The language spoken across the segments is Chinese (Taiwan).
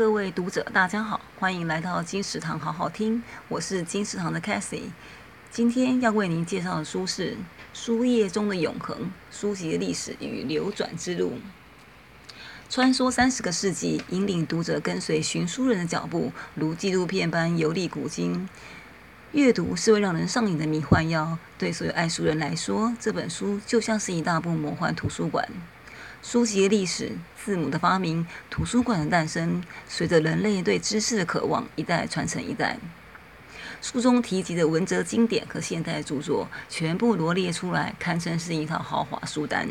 各位讀者，大家好，歡迎來到金石堂好好聽，我是金石堂的 Cathy。今天要為您介紹的書是《書頁中的永恆：書籍的歷史與流轉之路》，穿梭三十個世紀，引領讀者跟隨尋書人的腳步，如紀錄片般遊歷古今。閱讀是會讓人上癮的迷幻藥，對所有愛書人來說，這本書就像是一大部魔幻圖書館。書籍的歷史、字母的發明、圖書館的誕生，隨着人類對知識的渴望，一代傳承一代。書中提及的文哲經典和現代的著作，全部羅列出來，堪稱是一套豪華書單。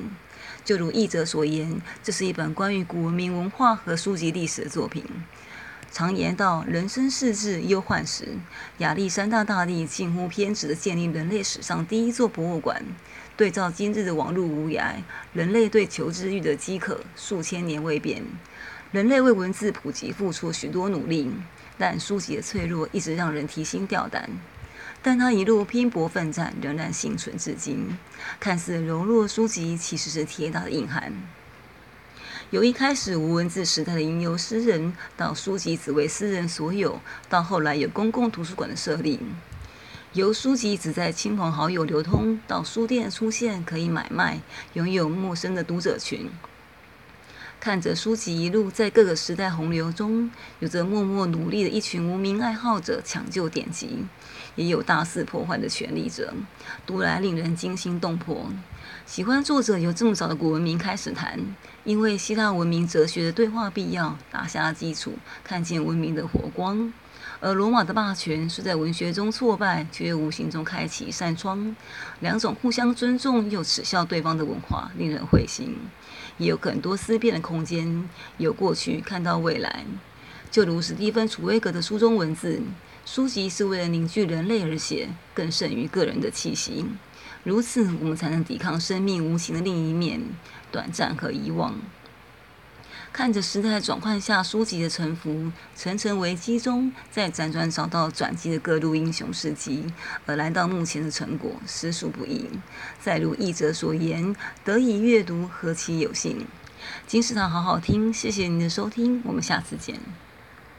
就如譯者所言，這是一本關於古文明文化和書籍歷史的作品。常言道：“人生識字憂患始。”亞歷山大大帝近乎偏執地建立人類史上第一座博物館。對照今日的網絡無涯，人類對求知欲的飢渴數千年未變。人類為文字普及付出了許多努力，但書籍的脆弱一直讓人提心吊膽。但他一路拼搏奮戰，仍然幸存至今。看似柔弱的書籍，其實是鐵打的硬漢。由一開始無文字時代的吟遊詩人，到書籍只為私人所有，到後來有公共圖書館的設立；由書籍只在親朋好友流通，到書店出現可以買賣，擁有陌生的讀者群。看着書籍一路在各個時代洪流中，有着默默努力的一群無名愛好者搶救典籍，也有大肆破壞的權力者，讀來令人驚心動魄。喜歡作者由這麼早的古文明開始談，因為希臘文明哲學的對話必要打下了基礎，看見文明的火光。而羅馬的霸權是在文學中挫敗，卻又無形中開啟一扇窗。兩種互相尊重又恥笑對方的文化，令人會心。也有很多思辨的空間，由過去看到未來。就如史蒂芬·楚威格的書中文字，書籍是為了凝聚人類而寫，更勝於個人的氣息。如此，我們才能抵抗生命無情的另一面——短暫和遺忘。看着時代轉換下書籍的沉浮，層層危機中，再輾轉找到轉機的各路英雄事蹟，而來到目前的成果，實屬不易。再如譯者所言，得以閱讀，何其有幸！金石堂，好好聽，謝謝您的收聽，我們下次見。